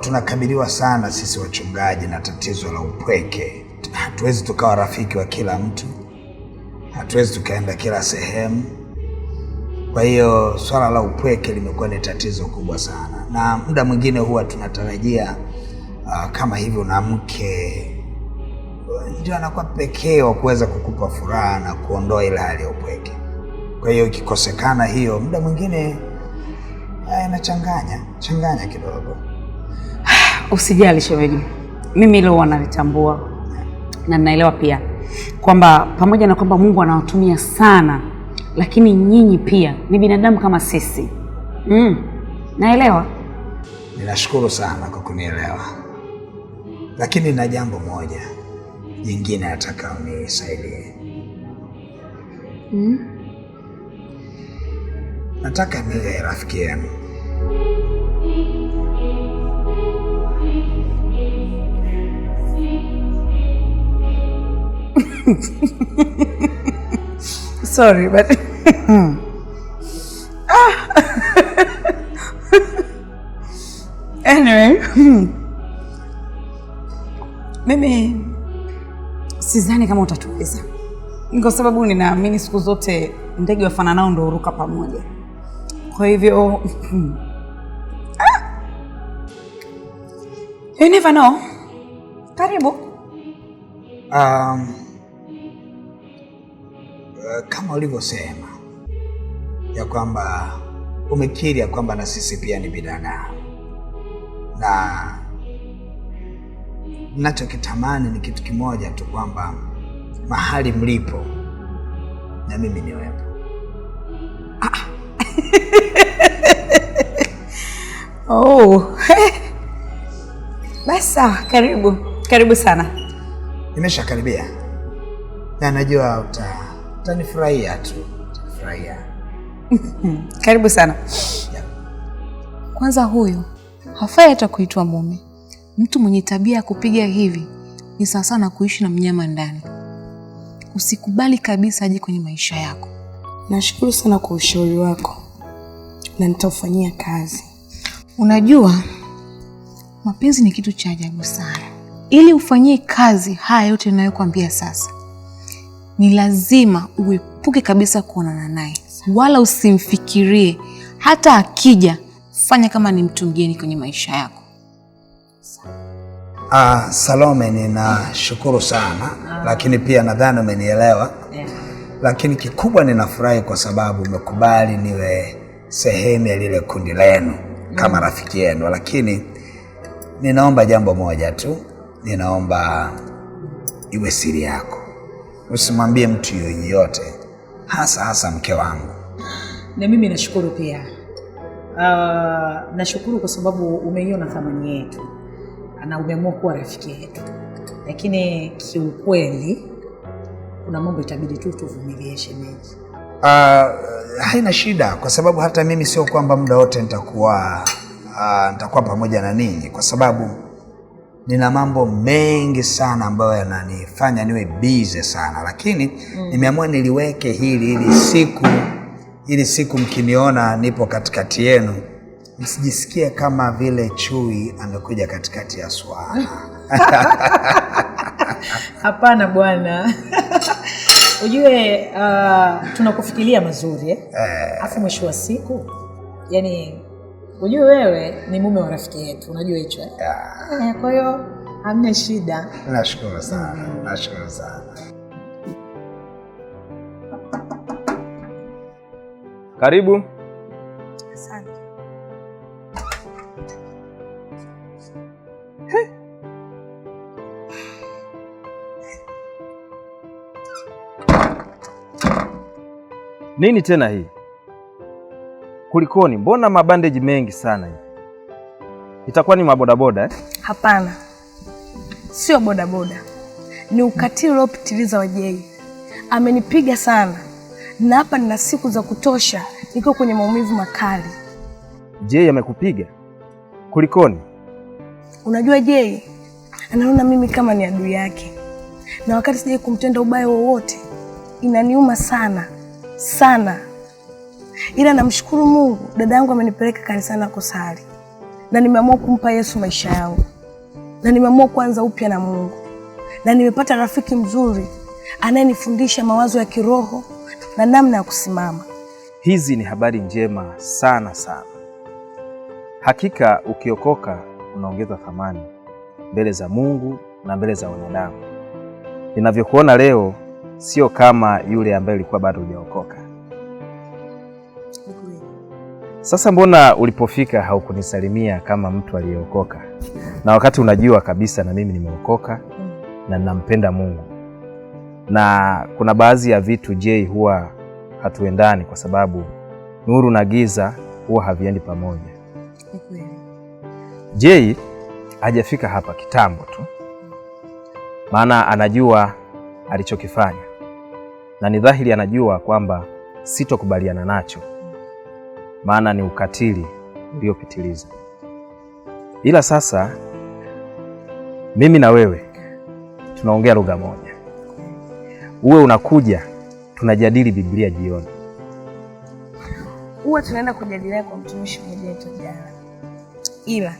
tunakabiliwa sana sisi wachungaji na tatizo la upweke. Hatuwezi tukawa rafiki wa kila mtu, hatuwezi tukaenda kila sehemu. Kwa hiyo swala la upweke limekuwa ni tatizo kubwa sana, na muda mwingine huwa tunatarajia uh, kama hivyo na mke ndio anakuwa pekee wa kuweza kukupa furaha na kuondoa ile hali ya upweke. Kwa hiyo ikikosekana hiyo, muda mwingine ah, inachanganya changanya kidogo. Usijali shemeji, mimi hilo wanalitambua na ninaelewa pia kwamba pamoja na kwamba Mungu anawatumia sana, lakini nyinyi pia ni binadamu kama sisi mm. Naelewa. Ninashukuru sana kwa kunielewa, lakini na jambo moja jingine nataka unisaidie mm. Nataka niwe rafiki yenu. Sorry, but ah. anyway, mimi sizani kama utatuweza, kwa sababu ninaamini siku zote ndege wafananao ndo huruka pamoja. Kwa hivyo ah. you never know. Karibu um kama ulivyosema ya kwamba umekiri ya kwamba na sisi pia ni binadamu, na nachokitamani ni kitu kimoja tu, kwamba mahali mlipo na mimi niwepo. ah. Oh. Basa, karibu karibu sana, nimeshakaribia na najua utaa utanifurahia tu, utanifurahia. Karibu sana yeah. Kwanza huyu hafai hata kuitwa mume. Mtu mwenye tabia ya kupiga hivi ni sawasawa na kuishi na mnyama ndani. Usikubali kabisa aje kwenye maisha yako. Nashukuru sana kwa ushauri wako na nitaufanyia kazi. Unajua, mapenzi ni kitu cha ajabu sana. Ili ufanyie kazi haya yote ninayokuambia sasa ni lazima uepuke kabisa kuonana naye, wala usimfikirie. Hata akija, fanya kama ni mtu mgeni kwenye maisha yako. Ah, Salome, ninashukuru sana ah, lakini pia nadhani umenielewa yeah. Lakini kikubwa ninafurahi kwa sababu umekubali niwe sehemu ya lile kundi lenu kama mm, rafiki yenu, lakini ninaomba jambo moja tu, ninaomba iwe siri yako usimwambie mtu yoyote, hasa hasa mke wangu. Na mimi nashukuru pia. Uh, nashukuru kwa sababu umeiona thamani yetu na umeamua kuwa rafiki yetu, lakini kiukweli kuna mambo itabidi tu tuvumilie shemeji. Uh, haina shida kwa sababu hata mimi sio kwamba muda wote nitakuwa uh, nitakuwa pamoja na ninyi kwa sababu nina mambo mengi sana ambayo yananifanya niwe bize sana, lakini mm. nimeamua niliweke hili ili siku ili siku mkiniona nipo katikati yenu msijisikie kama vile chui amekuja katikati ya swala. Hapana bwana. Ujue uh, tunakufikiria mazuri eh? Eh. Afu mwisho wa siku yani Ujue wewe ni mume wa rafiki yetu, unajua hicho ah. eh. Kwa hiyo hamna shida. Nashukuru sana, nashukuru sana. Karibu. Asante. Nini tena hii? Kulikoni, mbona mabandeji mengi sana hivi? Itakuwa ni mabodaboda eh? Hapana, sio bodaboda, ni ukatili uliopitiliza wa Jei. Amenipiga sana na hapa nina siku za kutosha, niko kwenye maumivu makali. Jei amekupiga kulikoni? Unajua Jei anaona mimi kama ni adui yake, na wakati sijai kumtenda ubaya wowote, inaniuma sana sana ila namshukuru Mungu, dada yangu amenipeleka kanisani na kusali, na nimeamua kumpa Yesu maisha yangu, na nimeamua kuanza upya na Mungu, na nimepata rafiki mzuri anayenifundisha mawazo ya kiroho na namna ya kusimama. Hizi ni habari njema sana sana. Hakika ukiokoka unaongeza thamani mbele za Mungu na mbele za wanadamu. Ninavyokuona leo sio kama yule ambaye ulikuwa bado hujaokoka. Sasa mbona ulipofika haukunisalimia kama mtu aliyeokoka, na wakati unajua kabisa na mimi nimeokoka na ninampenda Mungu, na kuna baadhi ya vitu je, huwa hatuendani kwa sababu nuru na giza huwa haviendi pamoja. Je, hajafika hapa kitambo tu, maana anajua alichokifanya na ni dhahiri anajua kwamba sitokubaliana nacho maana ni ukatili uliopitiliza. Ila sasa mimi na wewe tunaongea lugha moja, uwe unakuja tunajadili Biblia jioni, huwa tunaenda kujadilia kwa mtumishi mmoja wetu jana, ila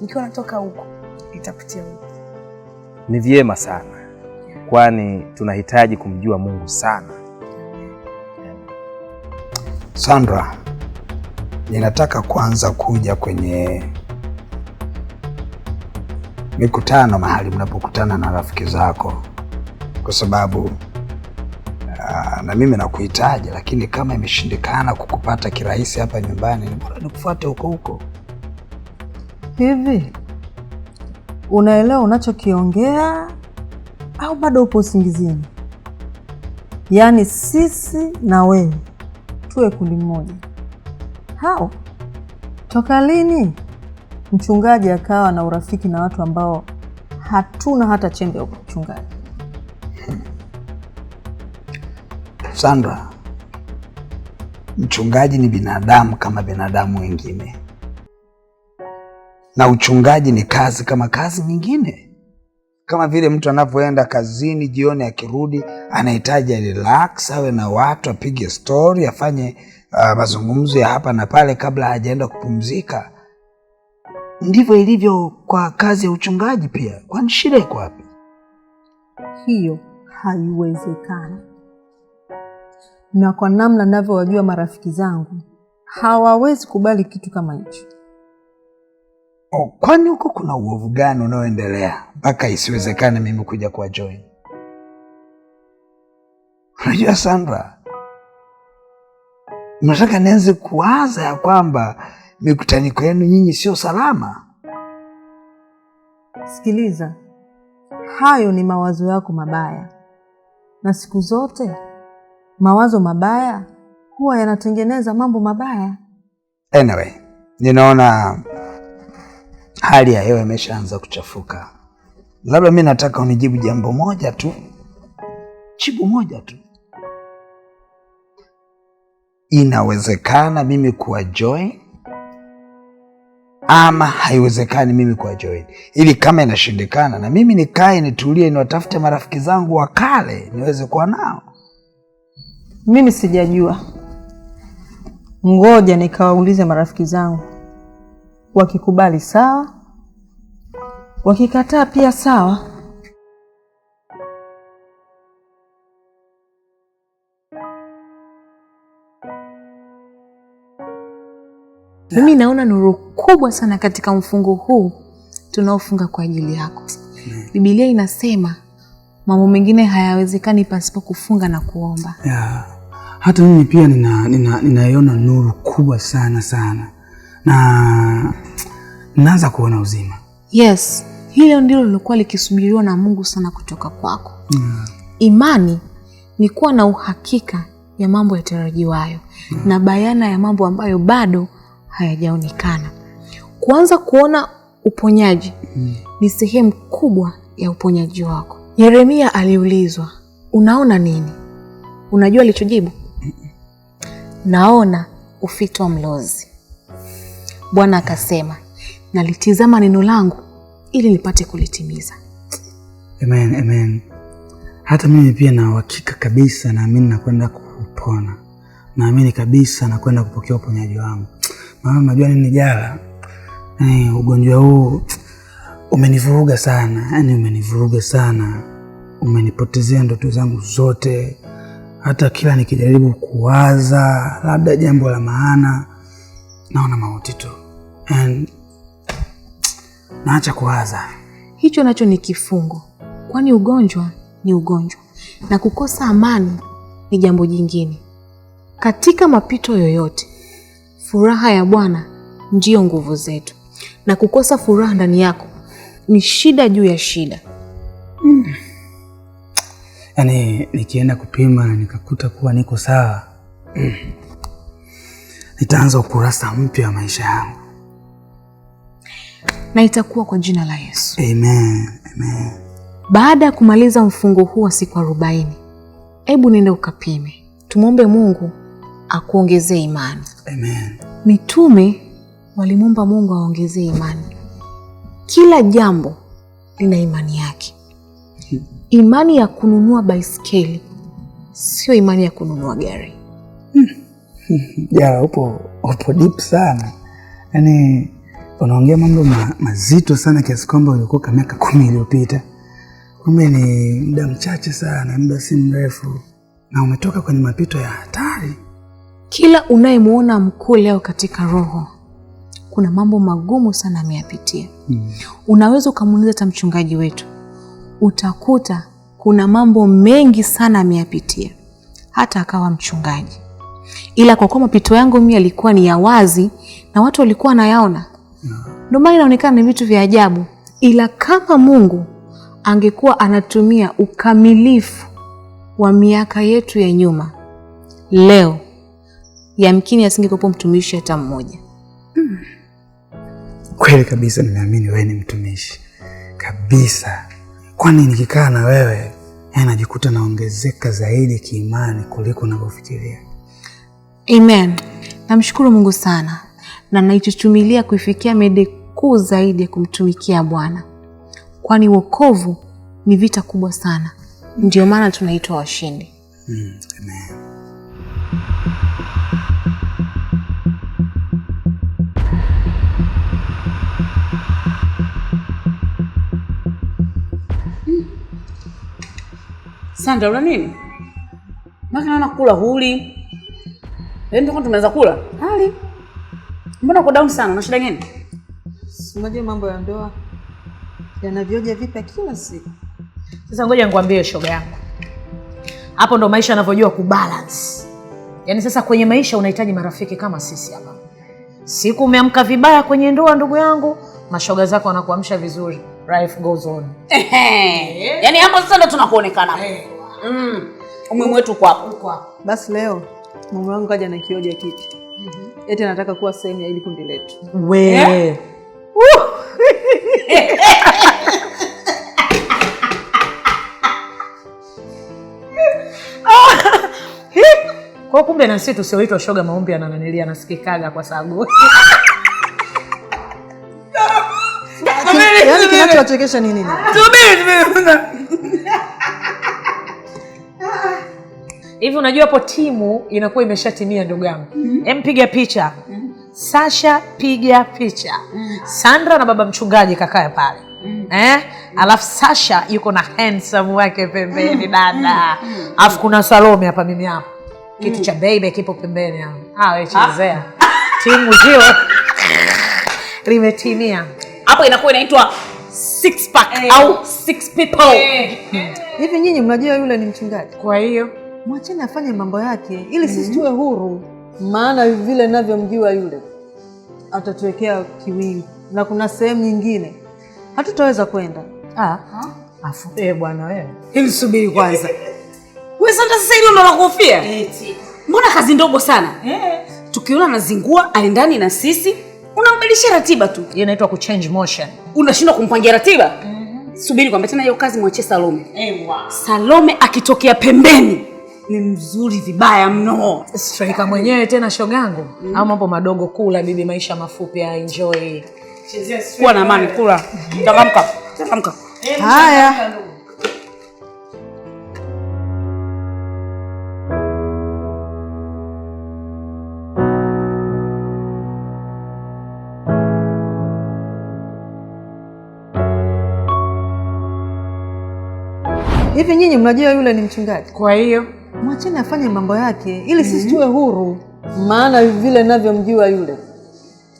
nikiwa natoka huko itapitia huko. Ni vyema sana, kwani tunahitaji kumjua Mungu sana. Sandra ninataka kwanza kuja kwenye mikutano mahali mnapokutana na rafiki zako, kwa sababu ah, na mimi nakuhitaji, lakini kama imeshindikana kukupata kirahisi hapa nyumbani, ni bora nikufuate huko huko. Hivi unaelewa unachokiongea au bado upo usingizini? Yaani sisi na wewe tuwe kundi moja hao toka lini? Mchungaji akawa na urafiki na watu ambao hatuna hata chembe ya uchungaji. Hmm. Sandra, mchungaji ni binadamu kama binadamu wengine, na uchungaji ni kazi kama kazi nyingine, kama vile mtu anavyoenda kazini jioni, akirudi anahitaji relax, awe na watu, apige stori, afanye uh, mazungumzo ya hapa na pale kabla hajaenda kupumzika. Ndivyo ilivyo kwa kazi ya uchungaji pia, kwani shida iko wapi? Hiyo haiwezekani, na kwa namna ninavyowajua marafiki zangu hawawezi kubali kitu kama hicho. Kwani huko kuna uovu gani unaoendelea mpaka isiwezekane mimi kuja kuwa join? Unajua Sandra, Mnataka nianze kuwaza ya kwamba mikutaniko yenu nyinyi sio salama? Sikiliza, hayo ni mawazo yako mabaya, na siku zote mawazo mabaya huwa yanatengeneza mambo mabaya. Anyway, ninaona hali ya hewa imeshaanza kuchafuka. Labda mi nataka unijibu jambo moja tu, jibu moja tu inawezekana mimi kuwa join ama haiwezekani mimi kuwa join, ili kama inashindikana na mimi nikae nitulie, niwatafute marafiki zangu wa kale niweze kuwa nao. Mimi sijajua, ngoja nikawaulize marafiki zangu, wakikubali sawa, wakikataa pia sawa. Mimi naona nuru kubwa sana katika mfungo huu tunaofunga kwa ajili yako. Mm. Biblia inasema mambo mengine hayawezekani pasipo kufunga na kuomba. Yeah. Hata mimi pia ninaiona nina, nina nuru kubwa sana sana na naanza kuona uzima. Yes, hilo ndilo lilokuwa likisubiriwa na Mungu sana kutoka kwako. Yeah. Imani ni kuwa na uhakika ya mambo yatarajiwayo, yeah, mm. na bayana ya mambo ambayo bado hayajaonekana. Kuanza kuona uponyaji mm. ni sehemu kubwa ya uponyaji wako. Yeremia aliulizwa, unaona nini? Unajua alichojibu? mm -mm. Naona ufito wa mlozi. Bwana akasema, nalitizama neno langu ili nipate kulitimiza. Amen, amen. Hata mimi pia na uhakika kabisa, naamini nakwenda kupona, naamini kabisa nakwenda kupokea uponyaji wangu maana unajua nini jala eh, ugonjwa huu umenivuruga sana, yani umenivuruga sana, umenipotezea ndoto zangu zote. Hata kila nikijaribu kuwaza labda jambo la maana, naona mauti tu, naacha kuwaza. Hicho nacho ni kifungo, kwani ugonjwa ni ugonjwa na kukosa amani ni jambo jingine. Katika mapito yoyote Furaha ya Bwana ndiyo nguvu zetu, na kukosa furaha ndani yako ni shida juu ya shida. Mm. Yaani nikienda kupima nikakuta kuwa niko sawa, mm, nitaanza ukurasa mpya wa maisha yangu na itakuwa kwa jina la Yesu. Amen. Amen. Baada ya kumaliza mfungo huu wa siku arobaini, hebu nenda ukapime, tumwombe Mungu akuongezee imani. Amen. Mitume walimwomba Mungu aongezee imani. Kila jambo lina imani yake. Imani ya kununua baiskeli sio imani ya kununua gari. Jara, Upo, upo deep sana, yaani unaongea mambo ma, mazito sana kiasi kwamba uliokoka miaka kumi iliyopita. Kumbe ni muda mchache sana, muda si mrefu, na umetoka kwenye mapito ya hatari kila unayemwona mkuu leo katika roho, kuna mambo magumu sana ameyapitia. Mm. Unaweza ukamuuliza hata mchungaji wetu, utakuta kuna mambo mengi sana ameyapitia hata akawa mchungaji, ila kwa kuwa mapito yangu mimi yalikuwa ni ya wazi na watu walikuwa wanayaona, hmm. ndio maana inaonekana ni vitu vya ajabu, ila kama Mungu angekuwa anatumia ukamilifu wa miaka yetu ya nyuma, leo yamkini asingekuwepo mtumishi hata mmoja. Hmm. Kweli kabisa, nimeamini wewe ni mtumishi kabisa, kwani nikikaa na wewe eh, najikuta naongezeka zaidi kiimani kuliko unavyofikiria. Amen. Namshukuru Mungu sana na naichuchumilia kuifikia mede kuu zaidi ya kumtumikia Bwana, kwani wokovu ni vita kubwa sana, ndio maana tunaitwa washindi. Mm, amen. Sanda, ula nini? Maki naona kula huli. Yaani tuko tumeanza kula. Hali. Mbona uko down sana? Una shida gani? Unajua mambo ya ndoa yanavyoja vipi kila siku. Sasa ngoja nikwambie shoga yangu. Hapo ndo maisha yanavyojua kubalance. Yaani sasa kwenye maisha unahitaji marafiki kama sisi hapa. Siku umeamka vibaya kwenye ndoa, ndugu yangu, mashoga zako wanakuamsha vizuri. Life goes on. Yaani hapo sasa ndo tunakuonekana. Hey. Eh mm. umuhimu wetu hapo. Basi leo mume wangu kaja na kioja kipi mm -hmm. eti anataka kuwa sehemu ya ili kundi letu we eh? kwa kumbe na sisi tusioitwa shoga maombi anananilia nasikikaga kwa sababu yaani kinachowachekesha ni nini? hivi unajua hapo timu inakuwa imeshatimia ndugu yangu. mm -hmm. mpiga picha mm -hmm. Sasha piga picha mm -hmm. Sandra na baba mchungaji kakaya pale mm -hmm. eh? Alafu Sasha yuko na handsome wake pembeni mm-hmm. dada. mm -hmm. Alafu kuna Salome hapa mimi hapa kitu mm. cha beibe kipo pembeni hapo. Ah, ah. chezea timu hiyo limetimia hapo, inakuwa inaitwa six pack hey. Eh. au six people eh. hivi hey. Nyinyi mnajua yule ni mchungaji, kwa hiyo mwacheni afanye mambo yake ili sisi mhm. tuwe huru, maana vile navyomjua yule atatuwekea kiwingu na kuna sehemu nyingine hatutaweza kwenda. Ah, afu e, bwana wewe, hili subiri kwanza wewe. Sasa sasa hilo ndo nakufia, mbona kazi ndogo sana eh? Tukiona anazingua aendani na sisi, unambadilisha ratiba tu, inaitwa ku change motion, unashindwa kumpangia ratiba. mm -hmm. Subiri kwamba tena hiyo kazi mwachie Salome. Ewa. Eh, Salome akitokea pembeni ni mzuri vibaya mno. Striker mwenyewe tena shogangu, mm. Au mambo madogo, kula bibi, maisha mafupi ya enjoy. Kuwa na amani, kula. Changamka, changamka. Haya. Hivi nyinyi mnajua yule ni mchungaji? Kwa hiyo mwacheni afanye mambo yake ili sisi mm-hmm. tuwe huru, maana vile navyomjua yule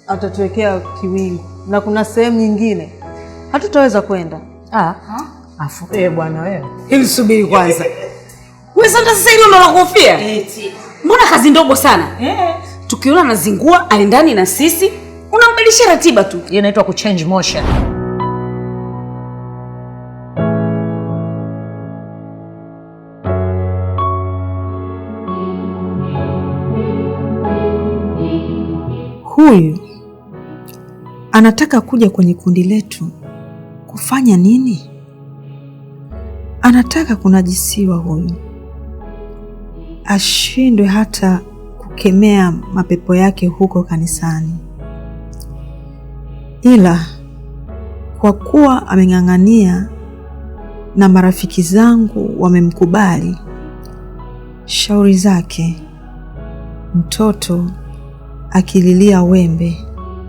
atatuwekea kiwingu na kuna sehemu nyingine hatutaweza kwenda. Ah, afu eh bwana wewe, hili subiri kwanza wewe. Sasa hilo ndo eti? mbona kazi ndogo sana eh? Tukiona nazingua alindani na sisi, unambadilisha ratiba tu, inaitwa kuchange motion. huyu anataka kuja kwenye kundi letu kufanya nini? Anataka kunajisiwa huyu, ashindwe hata kukemea mapepo yake huko kanisani. Ila kwa kuwa ameng'ang'ania na marafiki zangu wamemkubali shauri zake, mtoto akililia wembe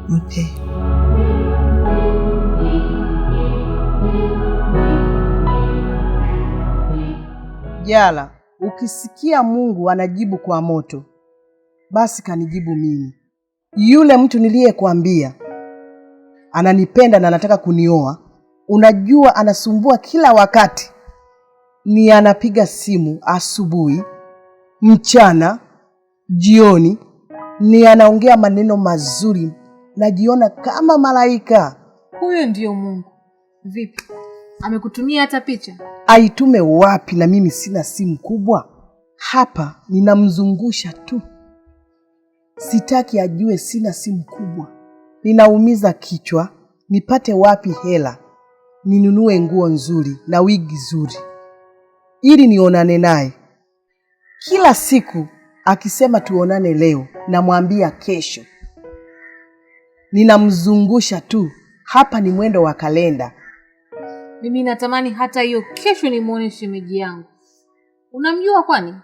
mpe. Jala, ukisikia Mungu anajibu kwa moto, basi kanijibu mimi. Yule mtu niliyekwambia ananipenda na anataka kunioa, unajua anasumbua kila wakati, ni anapiga simu asubuhi, mchana, jioni ni anaongea maneno mazuri, najiona kama malaika. Huyo ndio Mungu. Vipi, amekutumia hata picha? Aitume wapi? Na mimi sina simu kubwa hapa, ninamzungusha tu. Sitaki ajue sina simu kubwa, ninaumiza kichwa. Nipate wapi hela ninunue nguo nzuri na wigi zuri ili nionane naye? Kila siku akisema tuonane leo, namwambia kesho. Ninamzungusha tu, hapa ni mwendo wa kalenda. Mimi natamani hata hiyo kesho nimwone shemeji yangu. Unamjua kwani?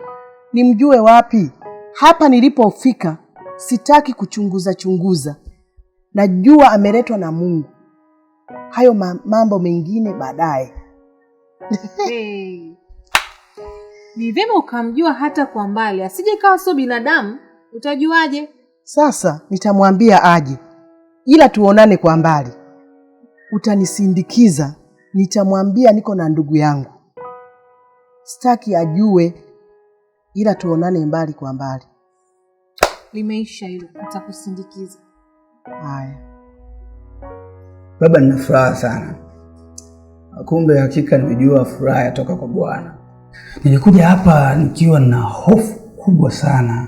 Nimjue wapi? Hapa nilipofika sitaki kuchunguza chunguza, najua ameletwa na Mungu. Hayo mambo mengine baadaye. Hey. Ni vyema ukamjua hata kwa mbali, asije kawa sio binadamu. Utajuaje? Sasa nitamwambia aje, ila tuonane kwa mbali. Utanisindikiza? Nitamwambia niko na ndugu yangu, sitaki ajue, ila tuonane mbali kwa mbali. Limeisha hilo, nitakusindikiza. Haya baba, nina furaha sana. Kumbe hakika nimejua furaha yatoka kwa Bwana. Nilikuja hapa nikiwa na hofu kubwa sana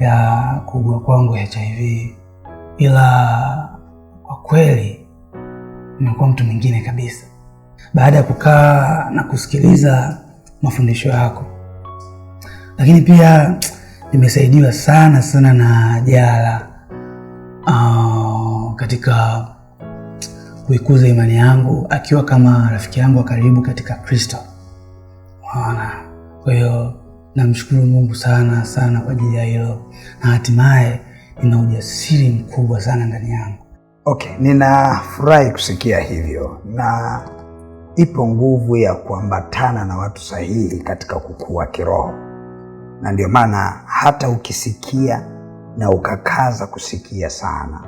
ya kuugua kwangu HIV, ila kwa kweli nimekuwa mtu mwingine kabisa baada ya kukaa na kusikiliza mafundisho yako. Lakini pia nimesaidiwa sana sana na Jara uh, ah, katika kuikuza imani yangu, akiwa kama rafiki yangu wa karibu katika Kristo. Unaona? Kwa hiyo namshukuru Mungu sana sana kwa ajili ya hilo, na hatimaye nina ujasiri mkubwa sana ndani yangu. Okay, ninafurahi kusikia hivyo, na ipo nguvu ya kuambatana na watu sahihi katika kukua kiroho, na ndio maana hata ukisikia na ukakaza kusikia sana,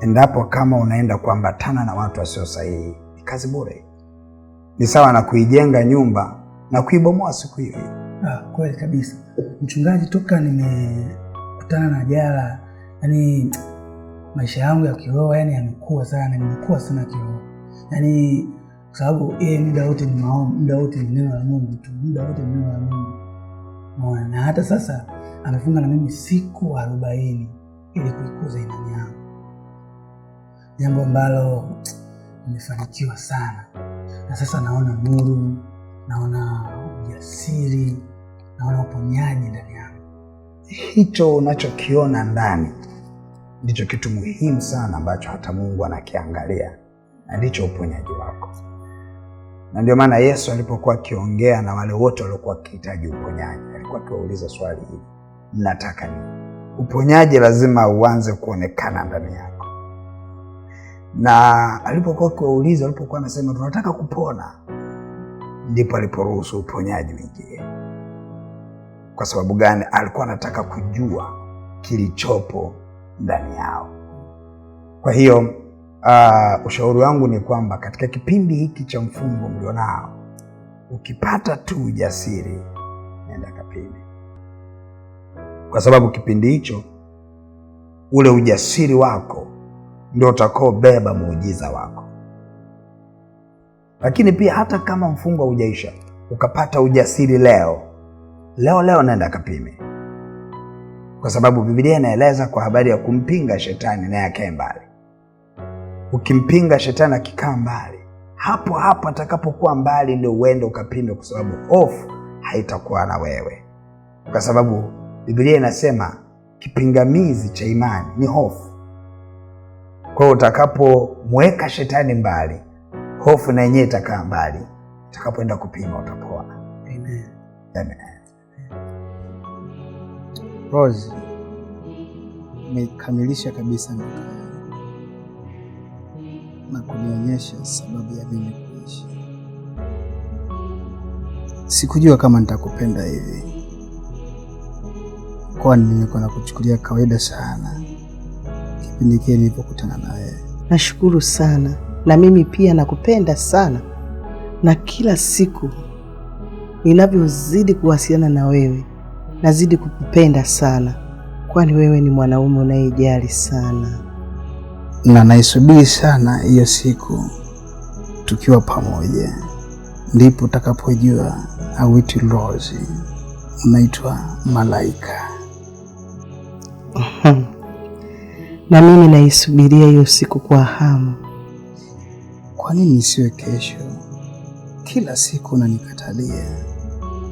endapo kama unaenda kuambatana na watu wasio sahihi, ni kazi bure. Ni sawa na kuijenga nyumba na kuibomoa siku hiyo Ah, kweli kabisa mchungaji, toka nimekutana na jala, yani maisha yangu ya kiroho yani yamekuwa sana, nimekuwa sana kiroho yani kwa sababu yeye eh, muda wote ni maombi, muda wote ni neno la Mungu tu, muda wote ni neno la Mungu. na hata sasa amefunga na mimi siku arobaini ili kuikuza imani yangu, jambo ambalo nimefanikiwa sana, na sasa naona nuru naona ujasiri, naona uponyaji ndani yangu. Hicho unachokiona ndani ndicho kitu muhimu sana ambacho hata Mungu anakiangalia, na ndicho uponyaji wako. Na ndio maana Yesu alipokuwa akiongea na wale wote waliokuwa wakihitaji uponyaji, alikuwa akiwauliza swali hili, mnataka nini? Uponyaji lazima uanze kuonekana ndani yako. Na alipokuwa akiwauliza, alipokuwa anasema tunataka kupona ndipo aliporuhusu uponyaji uingie. Kwa sababu gani? Alikuwa anataka kujua kilichopo ndani yao. Kwa hiyo uh, ushauri wangu ni kwamba katika kipindi hiki cha mfungo mlionao, ukipata tu ujasiri, nenda kapime, kwa sababu kipindi hicho ule ujasiri wako ndio utakaobeba muujiza wako. Lakini pia hata kama mfungo haujaisha ukapata ujasiri leo leo leo, naenda kapime, kwa sababu Biblia inaeleza kwa habari ya kumpinga shetani naye akae mbali. Ukimpinga shetani akikaa mbali, hapo hapo atakapokuwa mbali ndio uende ukapime, kwa sababu hofu haitakuwa na wewe, kwa sababu Biblia inasema kipingamizi cha imani ni hofu. Kwa hiyo utakapomweka shetani mbali hofu na yenyewe itakaa mbali. Utakapoenda kupima utapona. Amen. Amen. Rose, umekamilisha kabisa na kunionyesha sababu ya mimi kuishi. Sikujua kama nitakupenda hivi, kwani nilikuwa nakuchukulia kawaida sana kipindi kile nilipokutana na wewe. Nashukuru sana na mimi pia nakupenda sana, na kila siku ninavyozidi kuwasiliana na wewe nazidi kukupenda sana, kwani wewe ni mwanaume unayejali sana, na naisubiri sana hiyo siku tukiwa pamoja, ndipo utakapojua hauitwi Rose, unaitwa malaika. Na mimi naisubiria hiyo siku kwa hamu. Kwa nini isiwe kesho? Kila siku unanikatalia.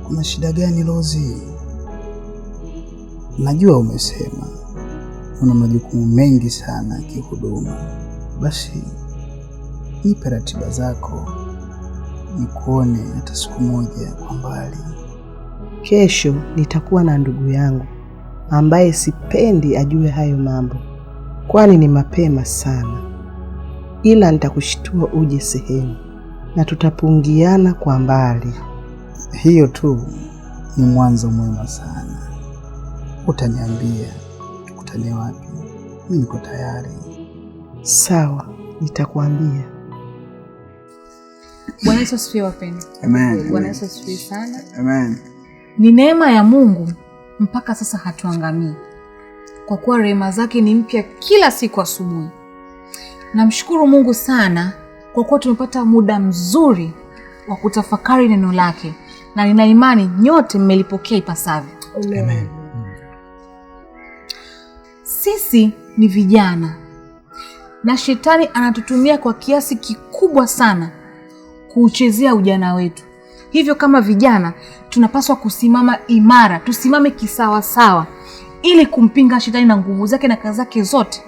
Kuna shida gani Lozi? Najua umesema una majukumu mengi sana kihuduma, basi nipe ratiba zako nikuone hata siku moja kwa mbali. Kesho nitakuwa na ndugu yangu ambaye sipendi ajue hayo mambo, kwani ni mapema sana ila nitakushtua uje sehemu na tutapungiana kwa mbali. Hiyo tu ni mwanzo mwema sana. Utaniambia tukutane wapi? Mimi niko tayari. Sawa, nitakuambia Bwana Yesu asifiwe wapendwa. Amen. Bwana Yesu asifiwe sana. Amen. Ni neema ya Mungu mpaka sasa hatuangamii, kwa kuwa rehema zake ni mpya kila siku asubuhi. Namshukuru Mungu sana kwa kuwa tumepata muda mzuri wa kutafakari neno lake, na nina imani nyote mmelipokea ipasavyo. Amen. Sisi ni vijana na shetani anatutumia kwa kiasi kikubwa sana kuuchezea ujana wetu. Hivyo kama vijana tunapaswa kusimama imara, tusimame kisawasawa ili kumpinga shetani na nguvu zake na kazi zake zote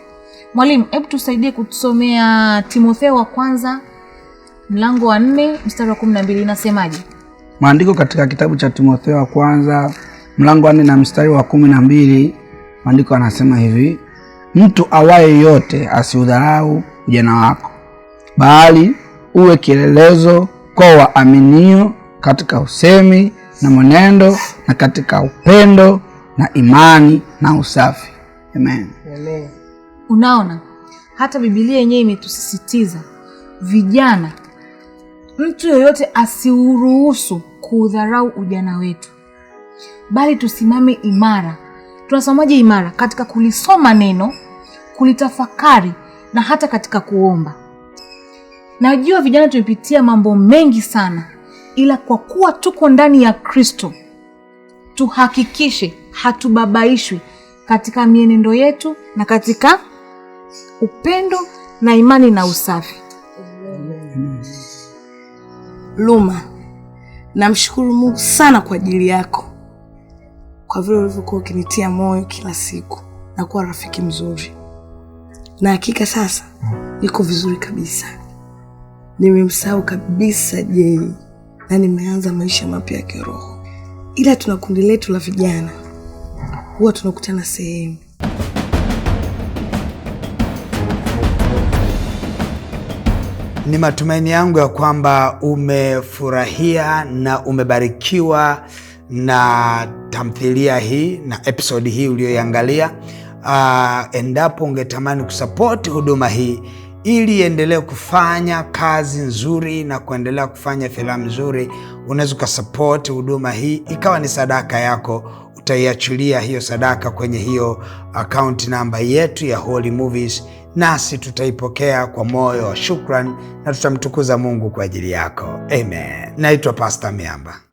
Mwalimu, hebu tusaidie kutusomea Timotheo wa kwanza mlango wa nne mstari wa kumi na mbili inasemaje? Maandiko katika kitabu cha Timotheo wa kwanza mlango wa nne na mstari wa kumi na mbili maandiko anasema hivi, mtu awaye yote asiudharau ujana wako, bali uwe kielelezo kwa waaminio katika usemi na mwenendo na katika upendo na imani na usafi. Amen, amen. Unaona, hata Biblia yenyewe imetusisitiza vijana, mtu yoyote asiuruhusu kuudharau ujana wetu, bali tusimame imara. Tunasomaje imara? Katika kulisoma neno, kulitafakari na hata katika kuomba. Najua vijana tumepitia mambo mengi sana, ila kwa kuwa tuko ndani ya Kristo, tuhakikishe hatubabaishwi katika mienendo yetu na katika upendo na imani na usafi. Luma, namshukuru Mungu sana kwa ajili yako, kwa vile ulivyokuwa ukinitia moyo kila siku na kuwa rafiki mzuri, na hakika sasa niko vizuri kabisa. Nimemsahau kabisa Jei na nimeanza maisha mapya ya kiroho, ila tuna kundi letu la vijana huwa tunakutana sehemu Ni matumaini yangu ya kwamba umefurahia na umebarikiwa na tamthilia hii na episodi hii uliyoiangalia. Uh, endapo ungetamani kusapoti huduma hii ili iendelee kufanya kazi nzuri na kuendelea kufanya filamu nzuri, unaweza ukasapoti huduma hii ikawa ni sadaka yako. Utaiachilia hiyo sadaka kwenye hiyo akaunti namba yetu ya Holy Movies nasi tutaipokea kwa moyo wa shukran na tutamtukuza Mungu kwa ajili yako. Amen. Naitwa pasta Miamba.